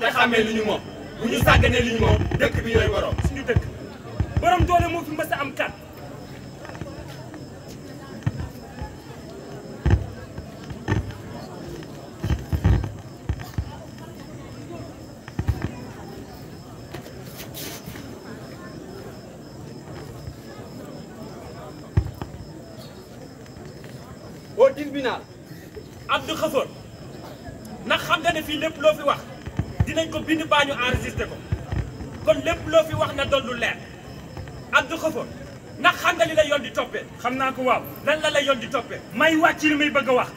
te xàmmee li ñu moom bu ñu sàgganee li ñu moom dëkk bi ñooy borom. suñu dëkk borom doole moo fi mës a am kat au tribunal Abdou Khafor ndax xam nga ne fii lépp loo fi wax. nañ ko bind baa ñu enregistré ko kon lépp loo fi wax na doon lu leer Abdou Khafor ndax xam nga li la di toppee. xam naa ko waaw lan la la yoon di toppee. may wàcc li may bëgg a wax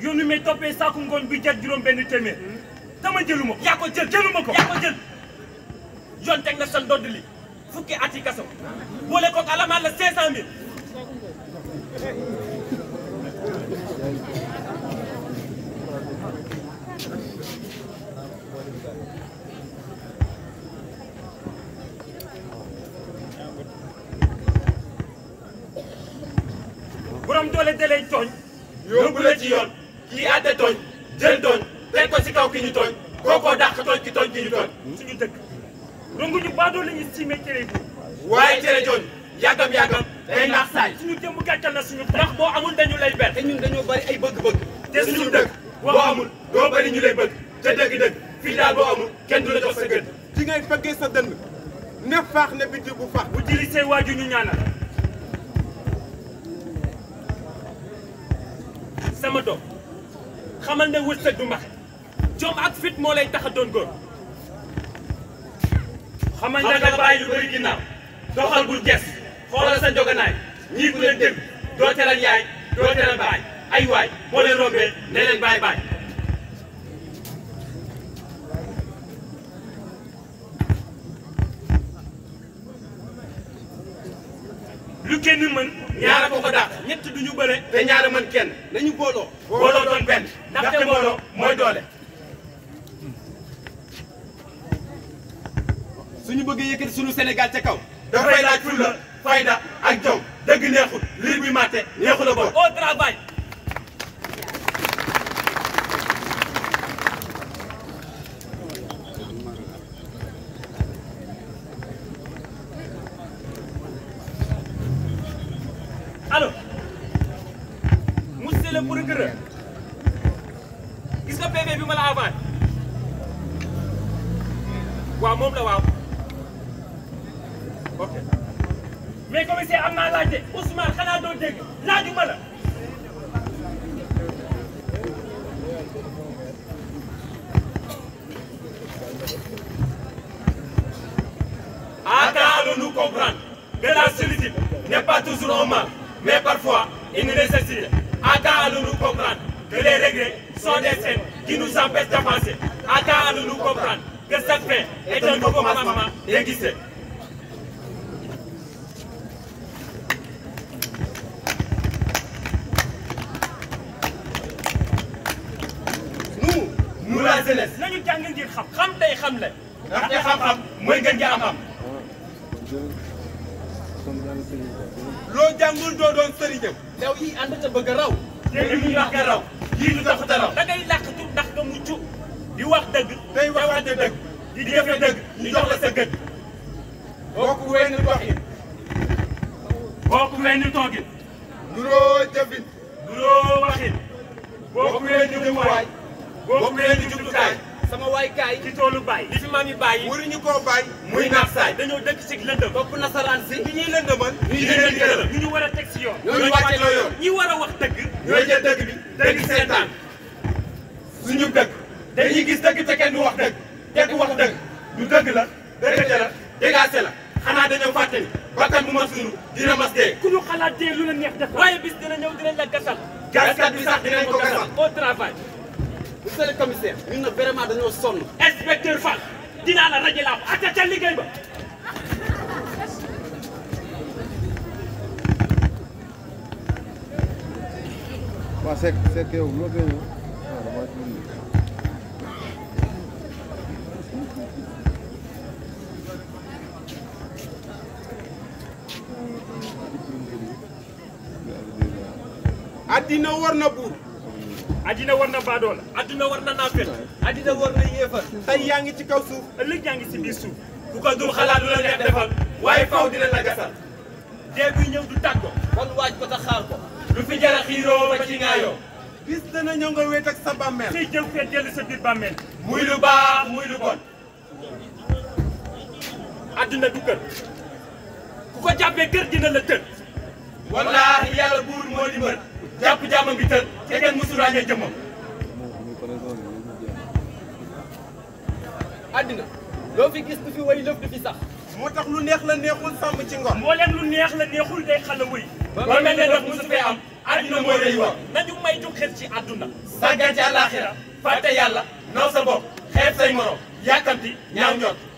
yoon wi may toppee saaku ngooñ bi jar juróom benn téeméer dama jëlu ma ko. yaa ko jël jëlu ko yaa jël yoon teg na sa ndodd li fukki at yi kaso boole koog alamaan la 500000. borom doole dalay tooñ yóbbu la ci yoon kii àtte tooñ jël tooñ teg ko si kaw ki ñu tooñ kookoo dàq tooñ ki tooñ ki ñu tooñ suñu dëkk donc ñu baadoo la ñu siimee cere bi waaye cere jooñ yàggam yàggam day naax saay suñu jëmm gàccal na suñu ndax boo amul dañu lay ber te ñun dañoo bari ay bëgg-bëgg te suñu dëkk boo amul doo bari ñu lay bëgg te dëgg-dëgg fii daal boo amul kenn du la jox sa gën ci ngay fëggee sa dënn ne faax ne bitti bu faax bu jëli say waaju ñu ñaanal sama doom xamal ne wërsëg du mbaxe jom ak fit moo lay tax doon góor xamal ne nga bàyyi lu bëri ginnaaw doxal bul ges xoolal sa njoganaay ñii ku leen dégg doo teral yaay doo teral baay ay waay boo leen rombee ne leen baay baay lu kenn mën ñaara ko ko du ñu bëre te ñaara mën kenn nañu booloo booloo doon benn ndaxte booloo mooy doole suñu bëggee yëkkati suñu Sénégal ca kaw dafay laaj fulla fayda ak jom dëgg neexul liir bi màtte neexul a bor alors monsieur le procureur gis nga PV bi ma la avant waaw moom la waaw ok mais commissaire am naa laaj de Ousmane xanaa doo dégg laajuma la à nous comprendre que la solitude n'est pas toujours un mal mais parfois il nous nécessite à temps à nous nous comprendre que les regrets sont des scènes qui nous empêchent d'avancer à temps à nous nous comprendre que cette fin est un nouveau commencement déguisé nous nous la jeunesse nañu jàng ngir xam xam tey xam la ndaxte xam-xam mooy ngeen gi am am loo jàngul doo doon sëriñam. yow yi ànd te bëgg a raw. yéen ñuy wax nga raw. yii ñu taxut a raw. da ndax nga mucc di wax dëgg. day waxante dëgg. di jëfe dëgg. ñu jox la sa gëdd. bokk wenn doxin. bokk wenn toogin. nuroo jëfin. nuroo waxin. bokk wenn jëmuwaay. bokk wenn bàyyi ci toolu bàyyi li fi maam yi bàyyi waruñu koo bàyyi muy nax saay dañoo dëkk ci lëndëm bopp nasaraan si li ñuy lëndëmal ñu leen di ñu ñu war a teg si yoon ñooñu wàcce loo yoon ñi war a wax dëgg ñooy jël dëgg bi dëgg seetaan suñu dëgg dañuy gis dëgg te kenn du wax dëgg dëgg wax dëgg du dëgg la dëgg la dégaase la xanaa dañoo fàtte ni bakkan bu mas suñu dina mas dee ku ñu xalaat dee lu la neex def waaye bis dina ñëw dinañ la gasal gaskat bi sax dinañ ko gasal au travail monsieur le commissaire ñun nag vraiment dañoo sonn. inspecteur Fall dinaa la rajo laa ko àtte ca liggéey ba. waaw Seck yow loo koy ñëw addina ah, war na buur. addina war na baadoola addina war na naafet addina yaa ngi ci kaw suuf ëllëg yaa ngi ci biir suuf bu ko dul xalaat lu la neex defal waaye faw dina la gasal dee buy ñëw du tàgg ko kon waaj ko sa xaar ko lu fi jara xiiroo ba ci ŋaayoo bis dana ñëw nga wéet ak sa bàmmeel tey jëw fee dellu sa biir bàmmeel muy lu baax muy lu bon addina du kër ku ko jàppee kër dina la tër wallaahi yàlla buur moo di mën jàpp jàmmam bi tër te kenn su ràññee jëmmam loo fi gis du fi way sax moo tax lu neex la neexul sàmm ci ngor moo leen lu neex la neexul day xala wuy ba mel ne daf musu fee am àddina mooy rëy wa nañu may ju xel ci àdduna sàggan ci àllaaxira fàtte yàlla naw sa bopp xeeb say morom yàkkamti ñaaw ñor